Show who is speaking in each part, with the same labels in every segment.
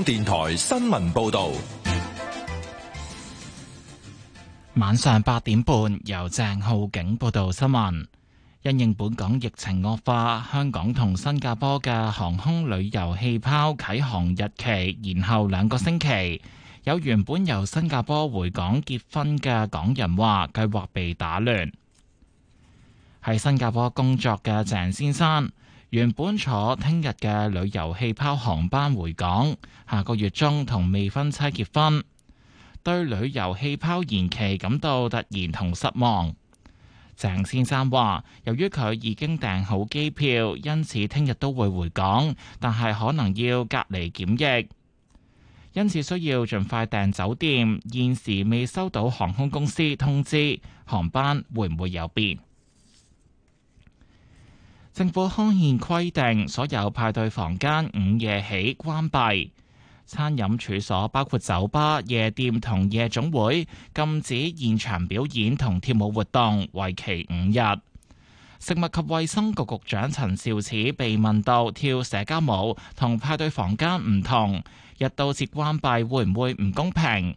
Speaker 1: 香港電台新聞報道，
Speaker 2: 晚上八點半由鄭浩景報道新聞。因應本港疫情惡化，香港同新加坡嘅航空旅游氣泡啟航日期延後兩個星期。有原本由新加坡回港結婚嘅港人話，計劃被打亂。喺新加坡工作嘅鄭先生。原本坐聽日嘅旅遊氣泡航班回港，下個月中同未婚妻結婚，對旅遊氣泡延期感到突然同失望。鄭先生話，由於佢已經訂好機票，因此聽日都會回港，但係可能要隔離檢疫，因此需要盡快訂酒店。現時未收到航空公司通知，航班會唔會有變？政府刊憲規定，所有派對房間午夜起關閉，餐飲處所包括酒吧、夜店同夜總會禁止現場表演同跳舞活動，為期五日。食物及衛生局局長陳肇始被問到跳社交舞同派對房間唔同，一刀切關閉會唔會唔公平？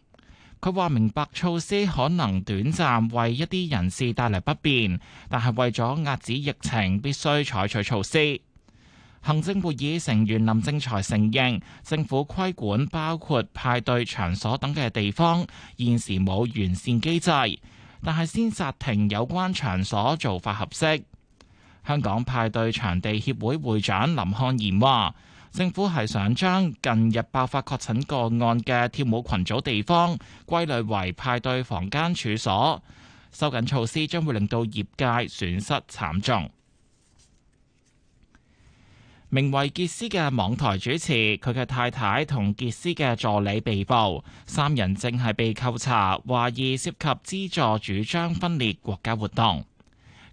Speaker 2: 佢話明白措施可能短暫為一啲人士帶嚟不便，但係為咗壓止疫情，必須採取措施。行政會議成員林正財承認，政府規管包括派對場所等嘅地方，現時冇完善機制，但係先暫停有關場所做法合適。香港派對場地協會會長林漢賢話。政府係想將近日爆發確診個案嘅跳舞群組地方歸類為派對房間處所，收緊措施將會令到業界損失慘重。名為傑斯嘅網台主持，佢嘅太太同傑斯嘅助理被捕，三人正係被扣查，懷疑涉及資助主張分裂國家活動。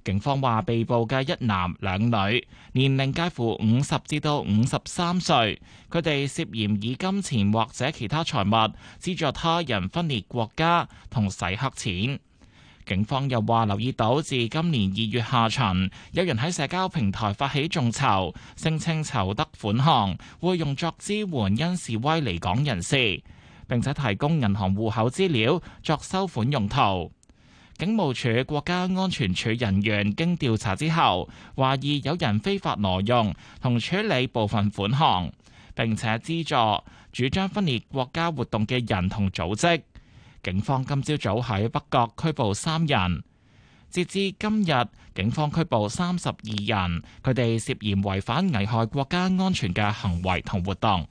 Speaker 2: 警方話，被捕嘅一男兩女，年齡介乎五十至到五十三歲，佢哋涉嫌以金錢或者其他財物資助他人分裂國家同洗黑錢。警方又話，留意到自今年二月下旬，有人喺社交平台發起眾籌，聲稱籌得款項會用作支援因示威離港人士，並且提供銀行戶口資料作收款用途。警務處國家安全處人員經調查之後，懷疑有人非法挪用同處理部分款項，並且資助主張分裂國家活動嘅人同組織。警方今朝早喺北角拘捕三人，截至今日，警方拘捕三十二人，佢哋涉嫌違反危害國家安全嘅行為同活動。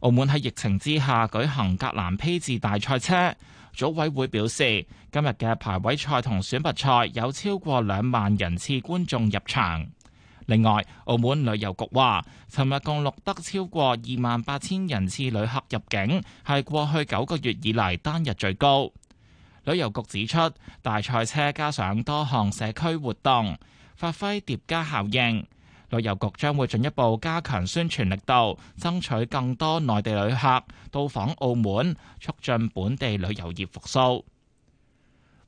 Speaker 2: 澳門喺疫情之下舉行格蘭披治大賽車。組委會表示，今日嘅排位賽同選拔賽有超過兩萬人次觀眾入場。另外，澳門旅遊局話，尋日共錄得超過二萬八千人次旅客入境，係過去九個月以嚟單日最高。旅遊局指出，大賽車加上多項社區活動，發揮疊加效應。旅遊局將會進一步加強宣傳力度，爭取更多內地旅客到訪澳門，促進本地旅遊業復甦。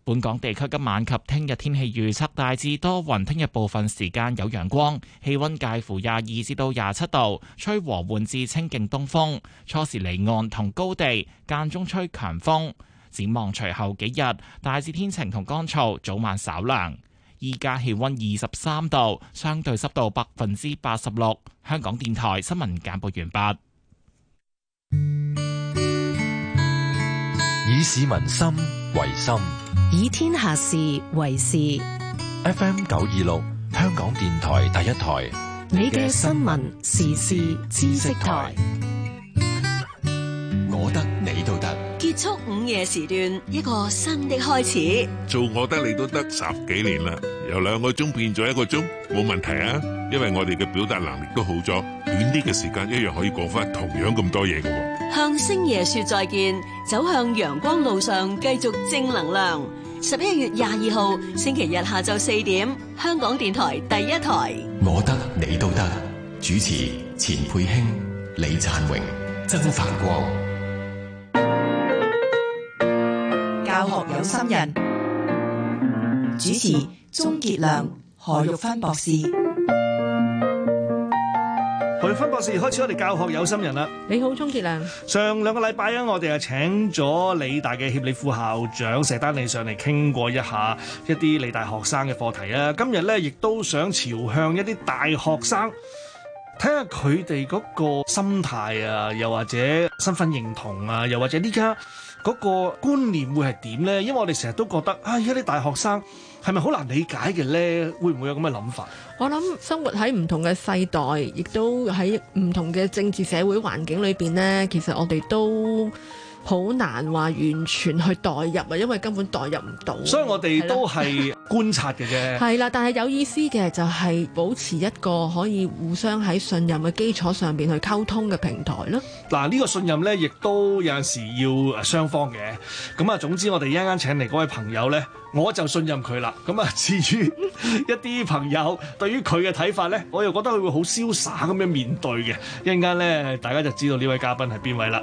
Speaker 2: 本港地區今晚及聽日天氣預測大致多雲，聽日部分時間有陽光，氣温介乎廿二至到廿七度，吹和緩至清勁東風，初時離岸同高地間中吹強風。展望隨後幾日大致天晴同乾燥，早晚稍涼。依家氣溫二十三度，相對濕度百分之八十六。香港電台新聞簡報完畢。以市民心為心，以天
Speaker 3: 下事為事。
Speaker 1: FM 九二六，香港電台第一台，
Speaker 2: 你嘅新聞時事知識台，
Speaker 4: 我得你。
Speaker 3: 午夜時段，一個新的開始。
Speaker 4: 做我得，你都得十幾年啦。由兩個鐘變咗一個鐘，冇問題啊。因為我哋嘅表達能力都好咗，短啲嘅時間一樣可以講翻同樣咁多嘢嘅。
Speaker 3: 向星爺說再見，走向陽光路上，繼續正能量。十一月廿二號星期日下晝四點，香港電台第一台。我
Speaker 5: 得，你都得。主持：錢佩興、李燦榮、曾凡光。
Speaker 3: 教學有心人，主持鍾杰良、何玉芬博士。
Speaker 1: 何玉芬博士，開始我哋教學有心人啦。
Speaker 4: 你好，鍾杰良。
Speaker 1: 上兩個禮拜啊，我哋啊請咗理大嘅協理副校長石丹利上嚟傾過一下一啲理大學生嘅課題啦。今日咧，亦都想朝向一啲大學生，睇下佢哋嗰個心態啊，又或者身份認同啊，又或者呢家。嗰個觀念會係點呢？因為我哋成日都覺得，啊，啲大學生係咪好難理解嘅呢？會唔會有咁嘅諗法？
Speaker 4: 我諗生活喺唔同嘅世代，亦都喺唔同嘅政治社會環境裏邊呢，其實我哋都。好難話完全去代入啊，因為根本代入唔到。所以我哋都係
Speaker 1: 觀察嘅啫。係
Speaker 4: 啦， 但係有意思嘅就係、是、保持一個可以互相喺信任嘅基礎上邊去溝通嘅平台咯。
Speaker 1: 嗱，呢個信任咧，亦都有陣時要雙方嘅。咁啊，總之我哋一陣間請嚟嗰位朋友咧，我就信任佢啦。咁啊，至於一啲朋友對於佢嘅睇法咧，我又覺得佢會好瀟灑咁樣面對嘅。一陣間咧，大家就知道呢位嘉賓係邊位啦。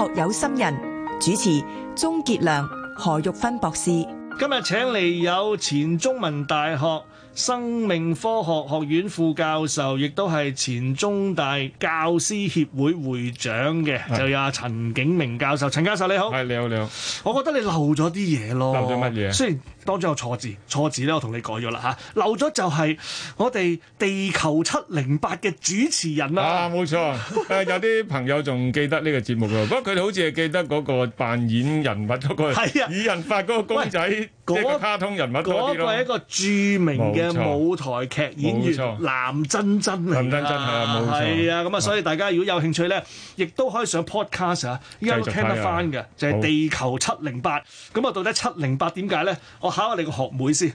Speaker 3: 學有心人，主持鍾杰良、何玉芬博士，
Speaker 1: 今日請嚟有前中文大學，生命科學學院副教授，亦都係前中大教師協會會長嘅，是就有阿陳竟明教授。陳教授你好，係你好你好。你好，我覺得你漏咗啲嘢咯，漏咗乜嘢？雖然當中有錯字，錯字咧我同你改咗啦嚇。漏咗就係我哋地球七零八嘅主持人啦、啊。啊冇
Speaker 5: 錯，誒、 呃、有啲朋友仲記得呢個節目㗎。不過佢哋好似係記得嗰個扮演人物嗰、那個，係啊，以人發嗰個公仔。嗰個卡通人物，嗰個係一個著名嘅舞台劇演員
Speaker 1: 藍真真。藍真真係啊，係啊。咁啊，所以大家如果有興趣咧，亦都可以上 podcast 啊，依家都聽得翻嘅，就係《地球七零八》。咁啊，到底七零八點解咧？我考下你個學妹先。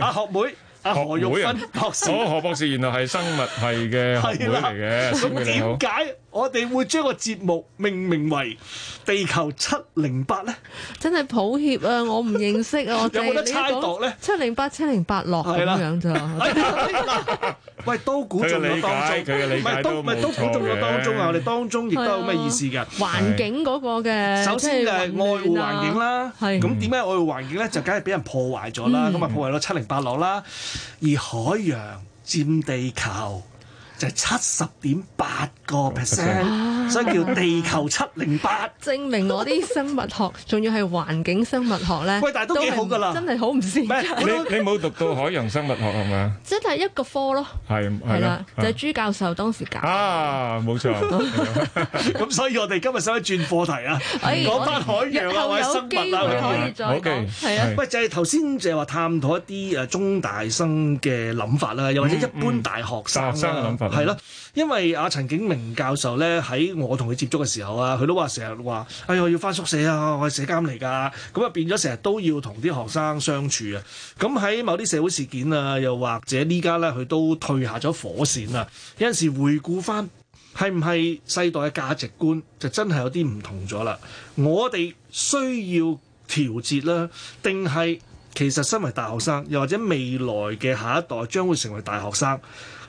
Speaker 1: 阿學妹，阿何玉芬博士。哦，何
Speaker 5: 博士原來係生物系嘅學妹嚟嘅，咁點解？
Speaker 1: 我哋會將個節目命名為《地球七零八》咧，
Speaker 4: 真係抱歉啊！我唔認識啊， 有冇得猜度咧？七零八七零八落咁樣就，
Speaker 1: 喂都估中咗當中，唔係都唔係都估中咗當中，我當中啊！我哋當中亦都有咩意思嘅？環
Speaker 4: 境嗰個嘅，首先就係愛護環境啦。
Speaker 1: 咁點解愛護環境咧？就梗係俾人破壞咗啦。咁啊、嗯、破壞咗七零八落啦。而海洋佔地球，就七十點八
Speaker 5: 個
Speaker 4: percent，所以叫地
Speaker 5: 球七零八。
Speaker 4: 證明我啲生物學仲要係環境生物學咧。喂，但係都幾好噶啦，真係好唔善。咩？你
Speaker 5: 你冇讀到海洋生物學係咪啊？
Speaker 4: 即係一個科咯。
Speaker 5: 係係啦，就係
Speaker 4: 朱教授當時搞。啊，
Speaker 5: 冇錯。咁所以我哋今日使唔使轉課題啊？
Speaker 4: 攞翻海
Speaker 1: 洋啊，或者生物啊，可以再講。係啊，喂就係頭先就係話探討一啲誒中大生嘅諗法啦，又或者一般大學生嘅諗法啦。係咯，因為阿陳竟明教授咧，喺我同佢接觸嘅時候啊，佢都話成日話，哎呀，我要翻宿舍啊，我係社監嚟㗎。咁啊變咗成日都要同啲學生相處啊。咁喺某啲社會事件啊，又或者呢家咧，佢都退下咗火線啊。有陣時回顧翻，係唔係世代嘅價值觀就真係有啲唔同咗啦？我哋需要調節啦，定係其實身為大學生，又或者未來
Speaker 5: 嘅下一代
Speaker 1: 將會成為大學生？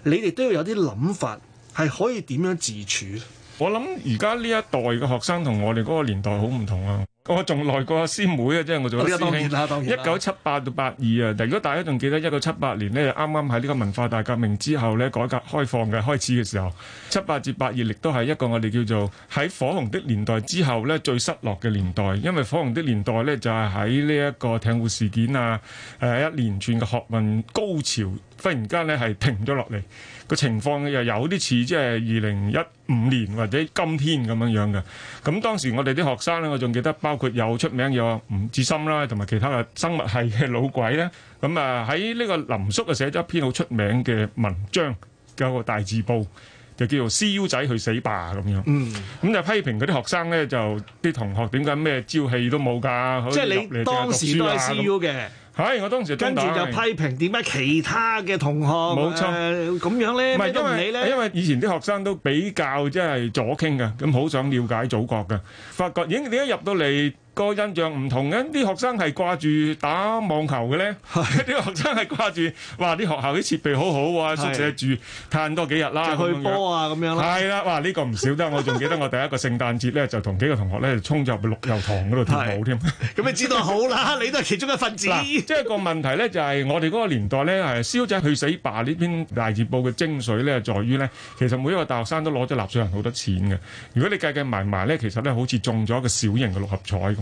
Speaker 1: 你哋都要有啲諗法，係可以點樣
Speaker 5: 自處？我諗而家呢一代嘅學生同我哋嗰個年代好唔同啊！我仲耐過師妹啊，即係我做師兄啦。當然啦，當然。一九七八到八二啊，但如果大家仲記得一九七八年呢，啱啱喺呢個文化大革命之後呢，改革開放嘅開始嘅時候，七八至八二亦都係一個我哋叫做喺火紅的年代之後呢最失落嘅年代。因為火紅的年代呢，就係喺呢一個艇戶事件啊，誒一連串嘅學運高潮。忽然間咧係停咗落嚟，個情況又有啲似即係二零一五年或者今天咁樣樣嘅。咁當時我哋啲學生咧，我仲記得包括有出名有吳志森啦，同埋其他嘅生物系嘅老鬼咧。咁啊喺呢個林叔啊寫咗一篇好出名嘅文章，叫《個大字報》。就叫做 CU 仔去死吧咁樣，嗯，咁就批評嗰啲學生咧，就啲同學點解咩朝氣都冇㗎？即係你當時都係 CU 嘅，係我當時跟住就批評點解其他嘅同學冇錯咁樣咧？唔係因為因為以前啲學生都比較即係左傾嘅，咁好想了解祖國嘅，發覺已經點解入到嚟？個印象唔同嘅，啲學生係掛住打網球嘅咧，啲的學生係掛住話啲學校啲設備好好啊，的宿舍住嘆多幾日啦，去波啊咁樣啦。係啦樣，哇！呢、這個唔少得， 我仲記得我第一個聖誕節咧，就同幾個同學咧衝入去綠油堂嗰度跳舞添。咁的、嗯、你知道好啦， 你都係其中一份子。啦 即係個問題咧，就係、是、我哋嗰個年代咧，係燒仔去死吧呢篇大字報嘅精髓咧，在於咧，其實每一個大學生都攞咗納稅人好多錢嘅。如果你計計埋埋咧，其實咧好似中咗一個小型嘅六合彩。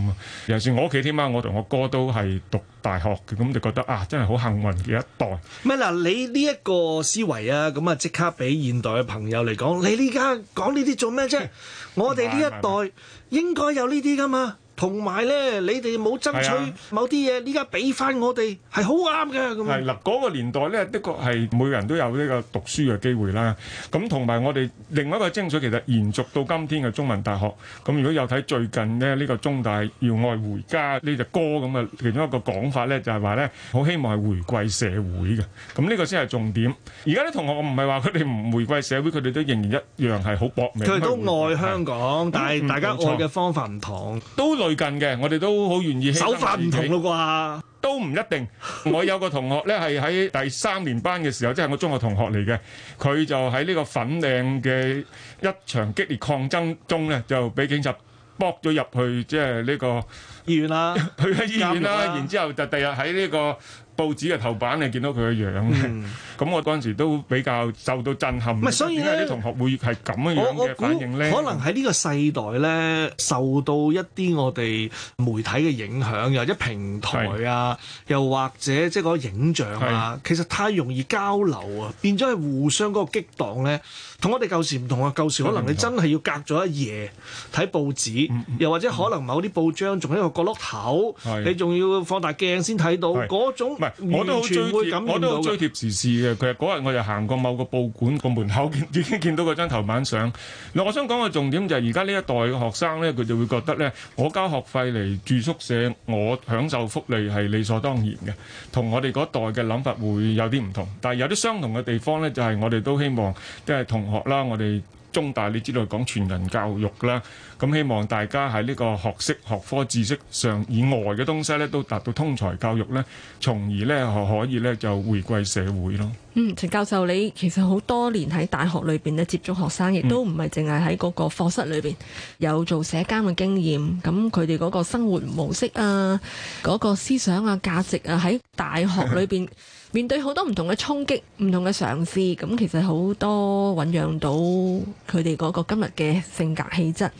Speaker 5: 尤其是我屋企添啊，我同我哥都係讀大學嘅，咁就覺得啊，真係好幸運嘅一代。
Speaker 1: 咩嗱？你呢一個思維啊，咁啊即刻俾現代嘅朋友嚟講，你呢家講呢啲做咩啫？嘿我哋呢一代應該有呢啲㗎嘛。同埋咧，你哋冇爭取某啲嘢，依家俾翻我哋係好啱嘅咁。係啦，嗰個
Speaker 5: 年代咧，的確係每個人都有呢個讀書嘅機會啦。咁同埋我哋另外一個精髓，其實延續到今天嘅中文大學。咁如果有睇最近咧呢個中大要愛回家呢隻歌，咁嘅其中一個講法咧，就係話咧好希望係回歸社會嘅。咁呢個先係重點。而家啲同學唔係話佢哋唔回歸社會，佢哋都仍然一樣係好博命。佢哋都愛香港，
Speaker 1: 但係大家愛嘅
Speaker 5: 方法唔同，都來。最近嘅，我哋都好願意。手法唔同啦啩，都唔一定。我有個同學咧，係喺第三年班嘅時候，即係我中學同學嚟嘅，佢就喺呢個粉嶺嘅一場激烈抗爭中咧，就俾警察剝咗入去，即係呢個、啊、 醫院啦、啊，去咗醫院啦。然之後就第日喺呢個。報紙嘅頭版你見到佢嘅樣，咁、嗯、我嗰陣時都比較受到震撼。唔係，所以咧啲同學會係咁樣嘅反應咧，可能喺呢個世代
Speaker 1: 咧受到一啲我哋媒體嘅影響，又一平台啊，是又或者即係嗰個影像啊，是其實太容易交流啊，變咗係互相嗰個激盪咧。同我哋舊時唔同啊！舊時可能你真係要隔咗一夜睇報紙，又或者可能某啲報章仲喺個角落頭，你仲要放大鏡先睇到嗰種。唔係，我都好追貼，我都好追
Speaker 5: 貼時事嘅。其實嗰日我就行過某個報館個門口，已經見到嗰張頭版相。嗱，我想講嘅重點就係而家呢一代嘅學生咧，佢就會覺得咧，我交學費嚟住宿舍，我享受福利係理所當然嘅，同我哋嗰代嘅諗法會有啲唔同。但係有啲相同嘅地方咧，就係我哋都希望都係同。學啦，我哋中大你知道講全人教育啦，咁希望大家喺呢個學識、學科、知識上以外嘅東西咧，都達到通才教育咧，從而咧可以咧就回歸社會咯。
Speaker 4: 嗯，陳教授，你其實好多年喺大學裏邊咧接觸學生，亦都唔係淨係喺嗰個課室裏邊有做社交嘅經驗。咁佢哋嗰個生活模式啊，嗰個思想啊、價值啊，喺大學裏邊面對好多唔同嘅衝擊、唔同嘅嘗試。咁其實好多醖釀到佢哋嗰個今日嘅性格氣質。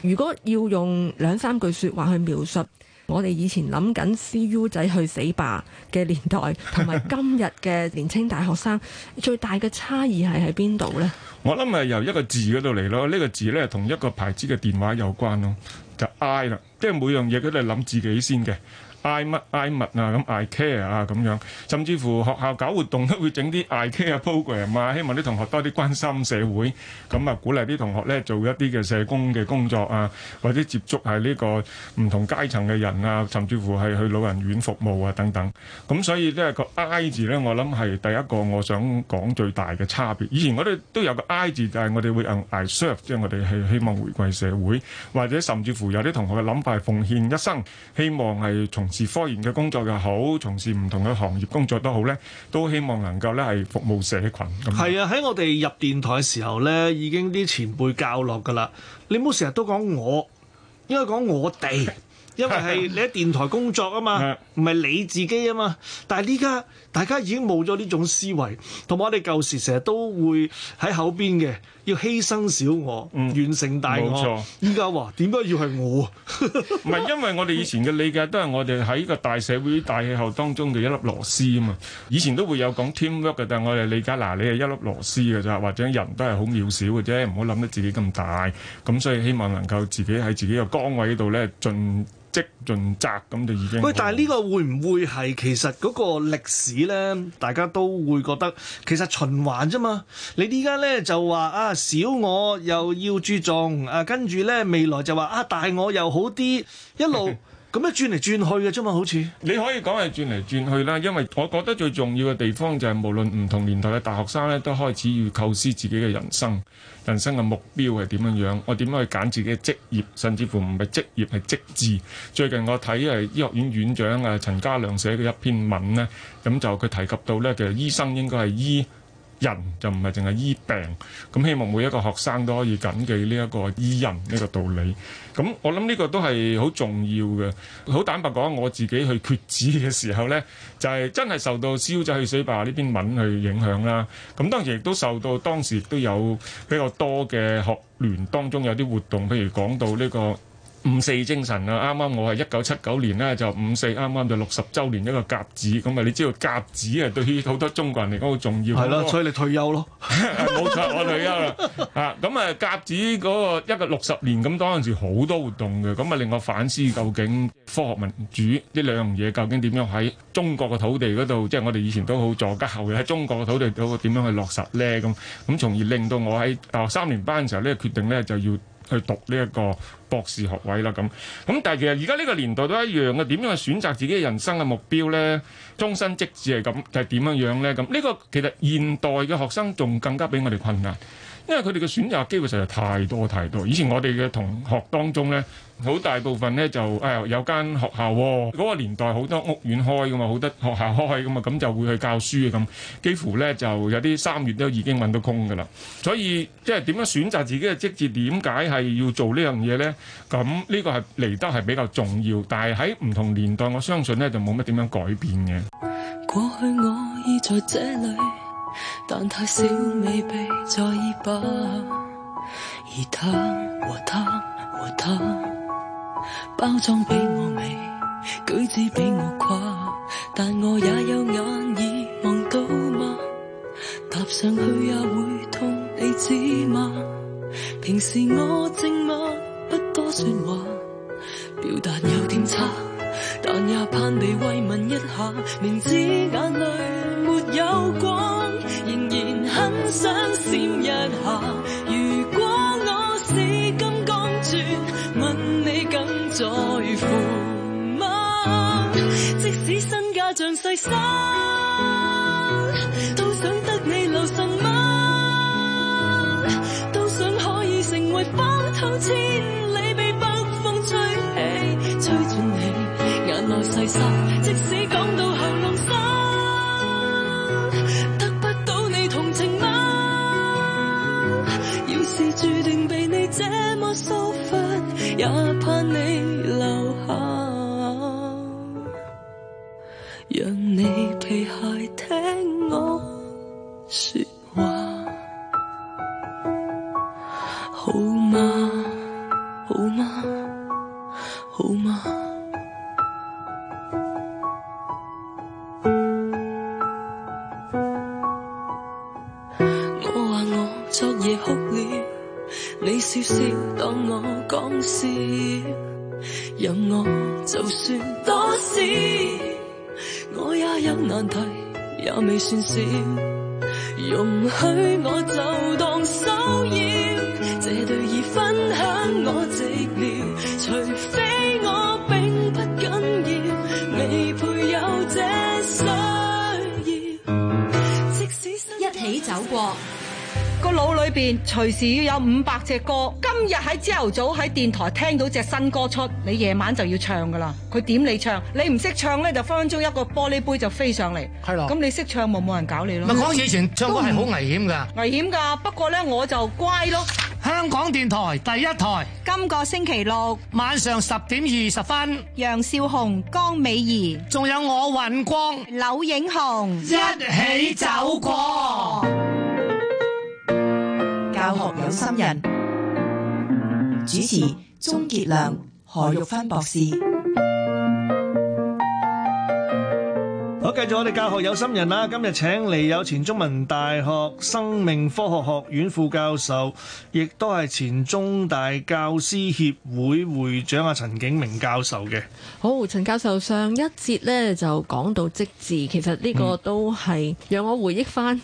Speaker 4: 如果要用兩三句説話去描述。我哋以前諗緊 CU 仔去死吧嘅年代，同埋今日嘅年青大學生 最大嘅差異係喺邊度咧？
Speaker 5: 我諗係由一個字嗰度嚟咯，呢個字咧同一個牌子嘅電話有關咯，就 I 啦，即係每樣嘢佢都係諗自己先嘅。I 乜 I 乜啊，咁 I care 啊，咁樣，甚至乎學校搞活動都會整啲 I care program 啊，希望啲同學多啲關心社會，咁啊鼓勵啲同學咧做一啲嘅社工嘅工作啊，或者接觸係呢個唔同階層嘅人啊，甚至乎係去老人院服務啊等等。咁所以咧個 I 字咧，我諗係第一個我想講最大嘅差別，以前我哋都有個 I 字，就係、誒、我哋會 I serve，即係我哋係希望回饋社會，或者甚至乎有啲同學嘅諗法係奉獻一生，希望係從。事科研嘅工作又好，從事唔同嘅行業工作都好，呢都希望能夠呢係服務社群。係
Speaker 1: 啊，喺我哋入電台嘅時候呢，已經啲前輩教落㗎喇。你唔好成日都講我，應該講我哋，因為係你喺電台工作啊嘛，唔係 你自己啊嘛。但係呢家。大家已經冇咗呢種思維，同埋我哋舊時成日都會喺口邊嘅，要犧牲小我、嗯、完成大我。依家話點解要係我？
Speaker 5: 唔係 因為我哋以前嘅理解都係我哋喺個大社會、大氣候當中嘅一粒螺絲啊嘛。以前都會有講 teamwork 嘅，但係我哋理解嗱，你係一粒螺絲嘅咋，或者人都係好渺小嘅啫，唔好諗得自己咁大。咁所以希望能夠自己喺自己嘅崗位度咧，盡職盡責咁就已經。喂，
Speaker 1: 但係呢個會唔會係其實嗰個歷史？咧，大家都會覺得其實循環啫嘛。你依家咧就話啊，小我又要注重啊，跟住咧未來就話啊，大我又好啲一路。 咁樣轉嚟轉去嘅啫嘛，好似
Speaker 5: 你可以講係轉嚟轉去啦，因為我覺得最重要嘅地方就係，無論唔同年代嘅大學生咧，都開始要構思自己嘅人生，人生嘅目標係點樣樣，我點樣去揀自己嘅職業，甚至乎唔係職業係職志。最近我睇係醫學院院長誒陳家亮寫嘅一篇文呢，咁就佢提及到呢，其實醫生應該係醫。人就唔係淨係醫病，咁希望每一個學生都可以謹記呢一個醫人呢個道理。咁我諗呢個都係好重要嘅。好坦白講，我自己去決志嘅時候呢，就係、是、真係受到燒仔去水壩呢篇文去影響啦。咁當然亦都受到當時亦都有比較多嘅學聯當中有啲活動，譬如講到呢、這個。五四精神啊！啱啱我係一九七九年呢，就五四啱啱就六十週年一個甲子，咁啊，你知道甲子啊，對於好多中國人嚟講好重要，係咯的，好所以
Speaker 1: 你退休咯，冇 錯，我退休啦
Speaker 5: 啊！咁 啊，甲子嗰個一個六十年，咁當陣時好多活動嘅。咁啊令我反思究竟科學民主呢兩樣嘢究竟點樣喺中國嘅土地嗰度，即、就、係、是、我哋以前都好助吉後嘅喺中國嘅土地度，個點樣去落實咧？咁咁，從而令到我喺啊大學三年班嘅時候、這個、呢，決定咧就要。去讀呢一個博士學位啦，咁咁但係其實而家呢個年代都一樣嘅，點樣去選擇自己嘅人生嘅目標呢？終身職業係咁，係點樣樣呢？咁呢個其實現代嘅學生仲更加俾我哋困難。因為佢哋嘅選擇機會實在太多太多。以前我哋嘅同學當中呢，好大部分呢，就誒、哎、有間學校嗰，哦嗰個年代好多屋苑開噶嘛，好多學校開噶嘛，咁、嗯、就會去教書啊，咁、嗯。幾乎呢，就有啲三月都已經揾到工噶啦。所以即係點樣選擇自己嘅職業，點解係要做呢樣嘢呢？咁呢，呢個係嚟得係比較重要，但係喺唔同年代，我相信呢就冇乜點樣改變嘅。過去我已
Speaker 3: 在但太少未被在意吧，
Speaker 2: 而
Speaker 3: 他和他和他包裝比我美，舉止比我誇，但我也有眼耳望到嗎？踏上去也會痛，你知嗎？平時我靜默不多說話，表達有點差，但也盼被慰問一下，明知眼淚沒有光。很想閃一下，如果我是金剛鑽，問你敢在乎嗎？即使身價像細沙，都想得你留神嗎？都想可以成為風土千里，被北風吹起，吹進你眼內細沙。即使講到。也怕你留下，讓你皮鞋聽我説話，好嗎？好嗎？好嗎？笑，任我就算多事，我也有難題，也未算少，容許我就當首要。隨時要有五百隻歌，今日喺朝頭早喺電台聽到隻新歌出，你夜晚就要唱噶啦。佢點你唱，你唔識唱咧就分分鐘一個玻璃杯就飛上嚟。係咯，咁你識唱咪冇人
Speaker 1: 搞你咯。咪講以前唱歌係好危險噶
Speaker 3: 危險噶。不過咧我就乖咯。香港電台第一台，今個星期六晚上十點二十分，楊少紅、江美儀，仲有我尹光、柳影紅，一起走過。教學有心人，主持鍾杰良、何玉芬博士。
Speaker 1: 好，繼續我哋教學有心人啦。今日請嚟有前中文大學生命科學學院副教授，亦都係前中大教師協會會長阿陳竟明教授嘅。
Speaker 4: 好，陳教授上一節呢就講到職字，其實呢個都係、嗯、讓我回憶翻。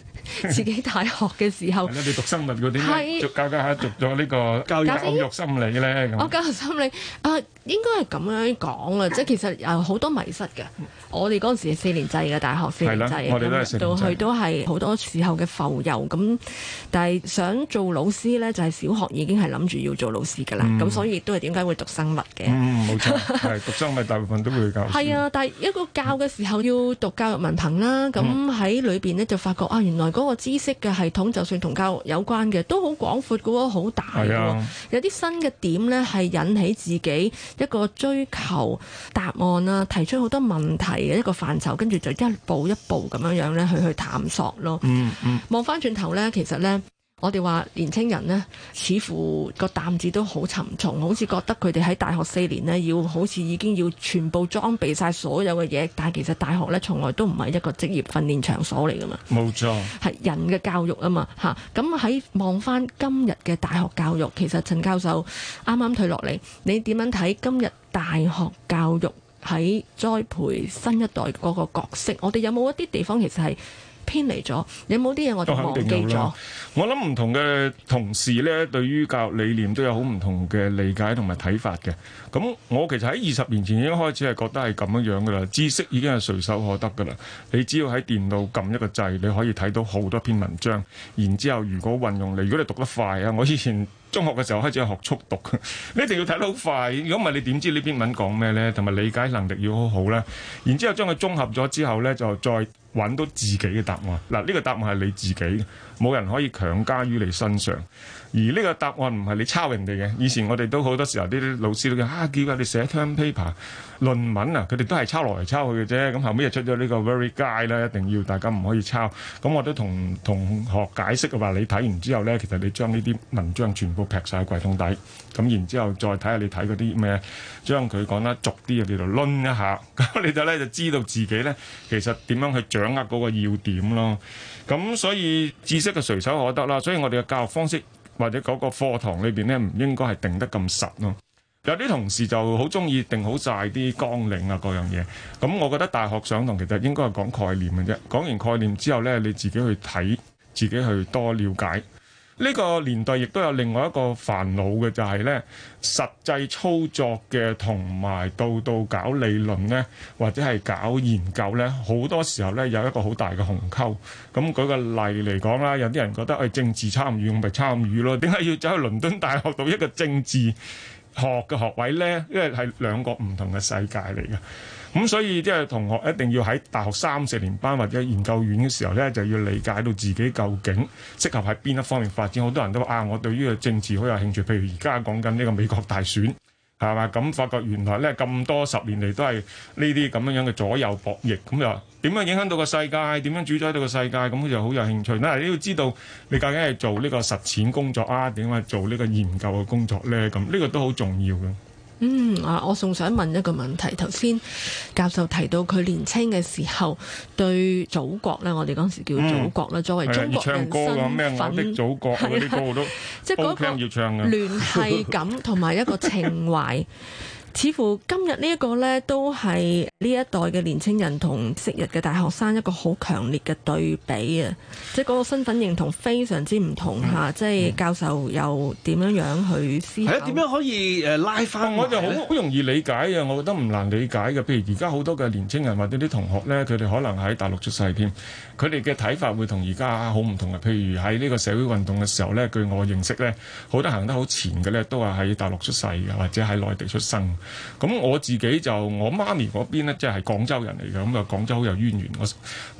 Speaker 4: 自己大學嘅時候，
Speaker 5: 係讀生物嗰啲咧，教教下讀咗呢個教育學、教育心理咧。咁
Speaker 4: 教育心理啊，應該係咁樣講啦，即係其實有好多迷失嘅。我哋嗰陣時四年制嘅大學，四年制，我哋都係到去都係好多時候嘅浮遊咁。但係想做老師咧，就係小學已經係諗住要做老師㗎啦。咁所以都係點解會讀生物嘅？嗯，冇錯，
Speaker 5: 係讀生物大部分都會教。係
Speaker 4: 啊，但係一個教嘅時候要讀教育文憑啦。咁喺裏邊咧就發覺啊，原來個。嗰個知識嘅系統，就算同教育有關嘅，都好廣闊嘅喎，好大、哎、呀有啲新嘅點呢，係引起自己一個追求答案啦，提出好多問題嘅一個範疇，跟住就一步一步咁樣樣咧去去探索咯、嗯。嗯嗯，望翻轉頭呢，其實呢。我哋話年青人呢，似乎個擔子都好沉重，好似覺得佢哋喺大學四年呢，要好似已經要全部裝備晒所有嘅嘢，但係其實大學呢，從來都唔係一個職業訓練場所嚟噶嘛。
Speaker 5: 冇錯，
Speaker 4: 係人嘅教育啊嘛，嚇、啊！咁喺望翻今日嘅大學教育，其實陳教授啱啱退落嚟，你點樣睇今日大學教育喺栽培新一代嗰個角色？我哋有冇一啲地方其實係？偏離咗，有冇啲嘢我忘記咗？
Speaker 5: 我諗唔同嘅同事呢，對於教育理念都有好唔同嘅理解同埋睇法嘅。咁我其實喺二十年前已經開始係覺得係咁樣樣噶啦，知識已經係隨手可得噶啦。你只要喺電腦撳一個掣，你可以睇到好多篇文章。然之後，如果運用你，如果你讀得快啊，我以前。中學嘅時候開始學速讀， 你一定要睇得好快。如果唔係，你點知呢篇文講咩呢？同埋理解能力要好好呢。然之後將佢綜合咗之後呢，就再揾到自己嘅答案。嗱，呢個答案係你自己，冇人可以強加於你身上。而呢個答案唔係你抄人哋嘅，以前我哋都好多時候啲老師都叫啊，叫啊你寫 term paper 論文啊，佢哋都係抄來抄去嘅啫。咁後尾又出咗呢個 very guy 啦，一定要大家唔可以抄。咁我都同同學解釋嘅話，你睇完之後咧，其實你將呢啲文章全部擗曬櫃桶底，咁然之後再睇下你睇嗰啲咩，將佢講得俗啲嘅叫做攣一下，咁你就咧就知道自己咧其實點樣去掌握嗰個要點咯。咁所以知識嘅隨手可得啦，所以我哋嘅教育方式，或者嗰個課堂裏邊咧，唔應該係定得咁實咯。有啲同事就好鍾意定好晒啲綱領啊，各樣嘢。咁我覺得大學上堂其實應該係講概念嘅啫。講完概念之後咧，你自己去睇，自己去多了解。呢個年代亦都有另外一個煩惱嘅，就係呢實際操作嘅同埋到到搞理論呢，或者係搞研究呢。好多時候呢，有一個好大嘅鴻溝。咁、嗯、舉個例嚟講啦，有啲人覺得誒、哎、政治參與咪參與咯，點解要走去倫敦大學讀一個政治學嘅學位呢？因為係兩個唔同嘅世界嚟㗎。咁、嗯、所以即係同學一定要喺大學三四年班或者研究院嘅時候咧，就要理解到自己究竟適合喺邊一方面發展。好多人都話啊，我對於個政治好有興趣。譬如而家講緊呢個美國大選，係嘛？咁發覺原來咧，咁多十年嚟都係呢啲咁樣樣嘅左右博弈。咁又點樣影響到個世界？點樣主宰到個世界？咁佢就好有興趣。嗱，你要知道你究竟係做呢個實踐工作啊，點樣做呢個研究嘅工作咧？咁呢個都好重要嘅。
Speaker 4: 嗯，我仲想問一個問題。頭先教授提到佢年青嘅時候對祖國咧，我哋嗰陣時叫祖國咧，嗯、作為中國人身份，即係嗰個聯繫感同埋 一個情懷。 似乎今日呢一個呢，都係呢一代嘅年青人同昔日嘅大學生一個好強烈嘅對比啊！即係嗰個身份認同非常之唔同嚇。嗯、即係教授又點樣樣去思考？誒點、嗯嗯、樣可以拉翻、嗯？我就好
Speaker 5: 容易理解嘅，我覺得唔難理解嘅。譬如而家好多嘅年青人或者啲同學呢，佢哋可能喺大陸出世添，佢哋嘅睇法會同而家好唔同嘅。譬如喺呢個社會運動嘅時候呢，據我認識呢，好多行得好前嘅呢，都係喺大陸出世嘅，或者喺內地出生。咁、嗯、我自己就我媽咪嗰邊咧，即係廣州人嚟嘅，咁、嗯、啊廣州好有淵源。我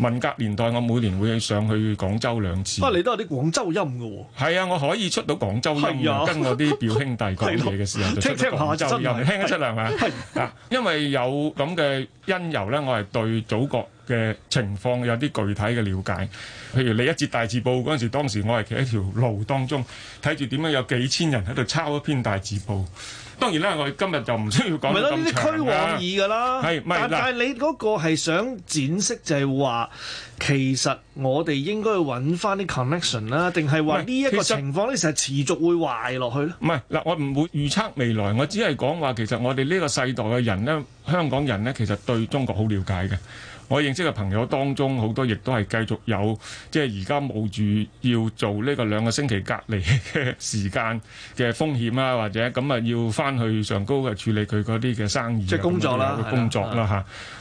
Speaker 5: 文革年代，我每年會上去廣州兩次。啊，
Speaker 1: 你都有啲廣州音嘅
Speaker 5: 喎、哦。係啊，我可以出到廣州音、啊、跟我啲表兄弟講嘢嘅時候、 啊、就聽得出嚟嘛？因為有咁嘅因由呢，我係對祖國嘅情況有啲具體嘅了解。譬如你一截大字報嗰陣時，當時我係企喺條路當中，睇住點樣有幾千人喺度抄一篇大字報。當然啦，我今日就唔需要講咁長、啊、王啦。係咪啦？但係
Speaker 1: 你嗰個係想展示就係話。其實我哋應該
Speaker 5: 要揾翻啲 connection 啦，定係話呢一個情
Speaker 1: 況咧，成日實持續會壞落去
Speaker 5: 咧？唔係嗱，我唔會預測未來，我只係講話其實我哋呢個世代嘅人咧，香港人咧，其實對中國好了解嘅。我認識嘅朋友當中好多，亦都係繼續有即係而家冒住要做呢個兩個星期隔離嘅時間嘅風險啦，或者咁啊要翻去上高嘅處理佢嗰啲嘅生意，即係工作啦，工作啦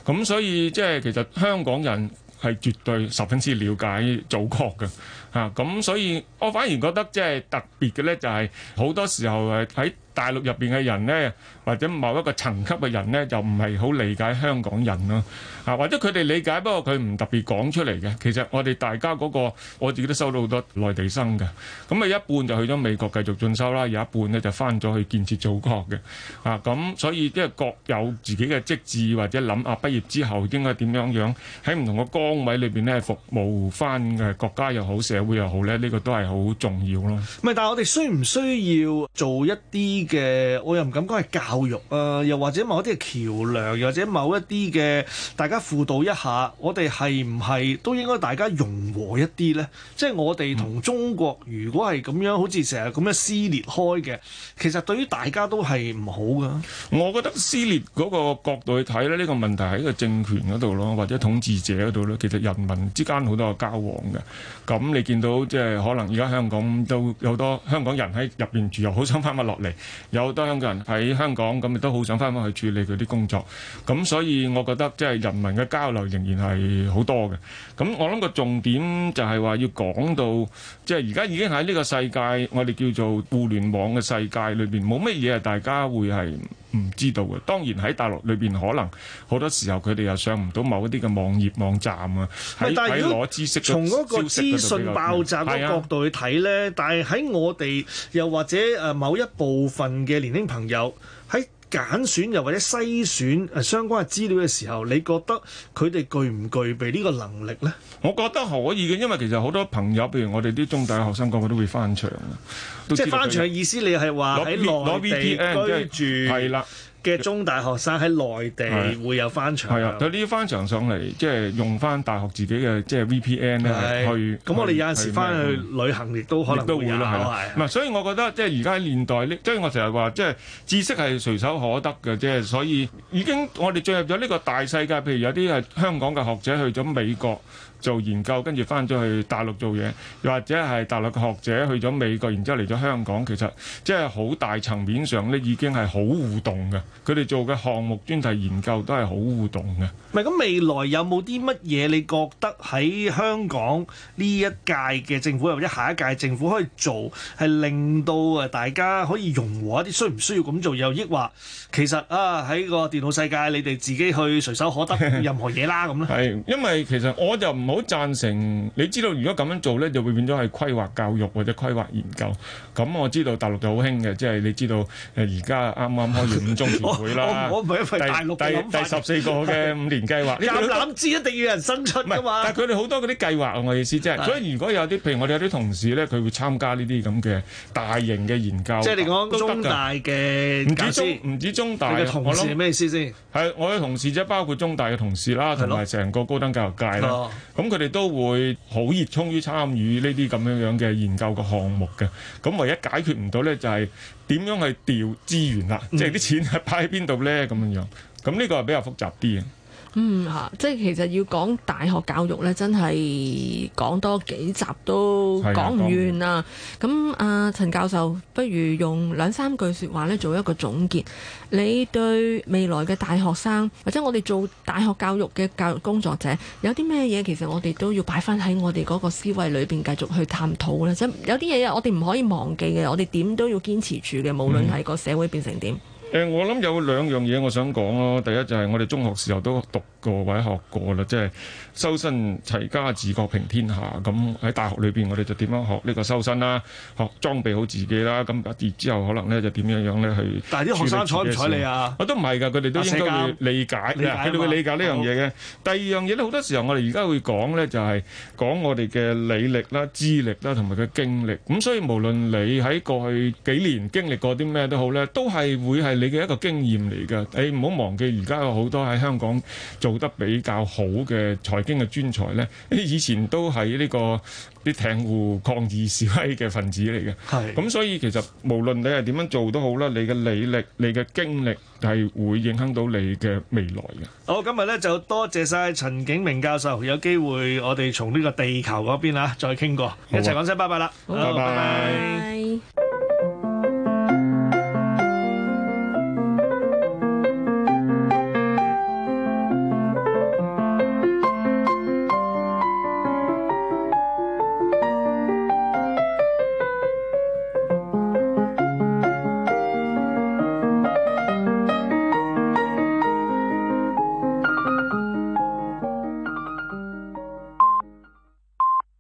Speaker 5: 嚇。咁、啊、所以即係其實香港人。係絕對十分之了解祖國嘅嚇，咁所以我反而覺得即係特別嘅咧，就係好多時候係喺大陸入邊嘅人呢，或者某一個層級嘅人呢，就唔係好理解香港人咯。啊，或者佢哋理解，不過佢唔特別講出嚟嘅。其實我哋大家嗰個，我自己都收到好多內地生嘅。咁啊，一半就去咗美國繼續進修啦，有一半呢就翻咗去建設祖國嘅。啊，咁所以即係各有自己嘅職志或者諗啊，畢業之後應該點樣樣喺唔同嘅崗位裏邊呢服務翻嘅國家又好，社會又好呢，呢個都係好重要咯。
Speaker 1: 唔係，但係我哋需唔需要做一啲？嘅，我又唔敢講係教育啊，又或者某啲嘅橋梁，又或者某一啲嘅大家輔導一下，我哋係唔係都應該大家融和一啲咧？即係我哋同中國，如果係咁樣，好似成日咁樣撕裂開
Speaker 5: 嘅，其實對於大家都係唔好㗎。我覺得撕裂嗰個角度去睇咧，呢個問題喺個政權嗰度咯，或者統治者嗰度咧。其實人民之間好多交往嘅，咁你見到即係可能而家香港都有多香港人喺入邊住，又好想翻返落嚟。有好多香港人喺香港咁，亦都好想返返去處理佢啲工作。咁所以，我覺得即係人民嘅交流仍然係好多嘅。咁我諗個重點就係話要講到，即係而家已經喺呢個世界，我哋叫做互聯網嘅世界裏邊，冇乜嘢係大家會係。唔知道嘅，當然喺大陸裏邊可能好多時候佢哋又上唔到某一啲嘅網頁網站啊。喺攞係、但係喺攞知識嘅消息嗰度，從嗰個資訊，資訊爆炸嘅角
Speaker 1: 度去睇呢，嗯、但係喺我哋、
Speaker 5: 嗯、又或者誒
Speaker 1: 某一部分嘅年輕朋友喺。揀選又或者篩選相關
Speaker 5: 嘅資料嘅時候，你覺得佢哋具唔具備呢個能力咧？我覺得可以嘅，因為其實好多朋友，譬如我哋啲中大學生，個個都會翻牆嘅。即係翻牆嘅意思，你
Speaker 1: 係話喺內地居住？攞 VPN 即係，係啦。嘅中大學生喺內地的
Speaker 5: 會有翻牆，係啊，有啲翻牆上嚟，即係用翻大學自己嘅即係 VPN 咧，的去，咁我哋有陣時翻去旅行亦都可能會咯，係唔係？的的所以我覺得即係而家喺年代，即係我成日話，即係知識係隨手可得嘅，即係所以已經我哋進入咗呢個大世界。譬如有啲係香港嘅學者去咗美國。做研究，跟住翻咗去大陸做嘢，又或者係大陸嘅學者去咗美國，然之後嚟咗香港，其實即係好大層面上咧，已經係好互動嘅。佢哋做嘅項目、專題研究都係好互動嘅。
Speaker 1: 唔係咁未來有冇啲乜嘢？你覺得喺香港呢一屆嘅政府，或者下一屆政府可以做，係令到誒大家可以融合一啲，需唔需要咁做？又抑或其實啊，喺個電腦世界，你哋自己去隨手可得任何嘢啦，咁咧
Speaker 5: 係因為其實我就唔。好贊成，你知道如果咁樣做咧，就會變咗係規劃教育或者規劃研究。咁我知道大陸就好興嘅，即係你知道誒，而家啱啱開完五中全會啦。我唔係因為大陸嘅諗法。第十四個嘅五年計劃，你咁攬資一定要有人生出㗎嘛？但係佢哋好多嗰啲計劃，我嘅意思即係。所以如果有啲，譬如我哋有啲同事咧，佢會參加呢啲咁嘅大型嘅研究。即係你講中大嘅唔止中唔止中大。嘅同事咩意思先？係我嘅同事即係包括中大嘅同事啦，同埋成個高等教育界啦。咁佢哋都會好熱衷於參與呢啲咁樣樣嘅研究個項目嘅。咁唯一解決唔到呢，就係點樣去調資源啦，即係啲錢係擺喺邊度呢？咁樣樣。咁呢個係比較複雜啲嘅。
Speaker 4: 嗯吓，即係其實要講大學教育咧，真係講多幾集都講唔完啊！咁阿陳教授不如用兩三句說話咧，做一個總結。你對未來嘅大學生或者我哋做大學教育嘅教育工作者，有啲咩嘢？其實我哋都要擺翻喺我哋嗰個思維裏邊繼續去探討啦。即有啲嘢我哋唔可以忘記嘅，我哋點都要堅持住嘅，無論係個社會變成點。嗯
Speaker 5: 誒，我諗有兩樣嘢我想講咯。第一就係我哋中學時候都讀過或者學過啦，即係修身齊家治國平天下。咁喺大學裏邊，我哋就點樣學呢個修身啦，學裝備好自己啦。咁然之後，可能咧就點樣樣咧去。但係啲學生睬唔睬你啊？我都唔係㗎，佢哋都應該會理解，佢哋會理解呢樣嘢嘅。第二樣嘢咧，好多時候我哋而家會講咧，就係講我哋嘅履歷啦、資歷啦，同埋佢經歷。咁所以無論你喺過去幾年經歷過啲咩都好咧，都係會係。你嘅一個經驗嚟㗎，你唔好忘記，而家有好多喺香港做得比較好嘅財經嘅專才呢、欸。以前都係呢、呢個啲艇戶抗議示威嘅分子嚟嘅。係是，咁所以其實無論你係點樣做都好啦，你嘅履歷、你嘅經歷係會影響到你嘅未來嘅。
Speaker 1: 好，今日呢就多謝晒陳竟明教授，有機會我哋從呢個地球嗰邊啊再傾過，啊、一齊講聲拜拜啦。拜拜。